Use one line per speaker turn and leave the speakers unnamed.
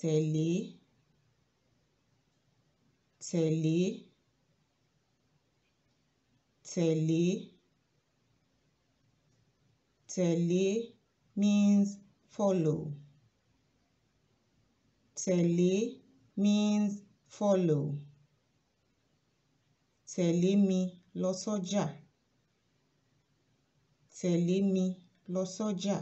tẹ̀lé tẹ̀lé tẹ̀lé tẹ̀lé means follow tẹ̀lé means follow tẹ̀lé mi lọ sọ́jà tẹ̀lé mi lọ sọ́jà.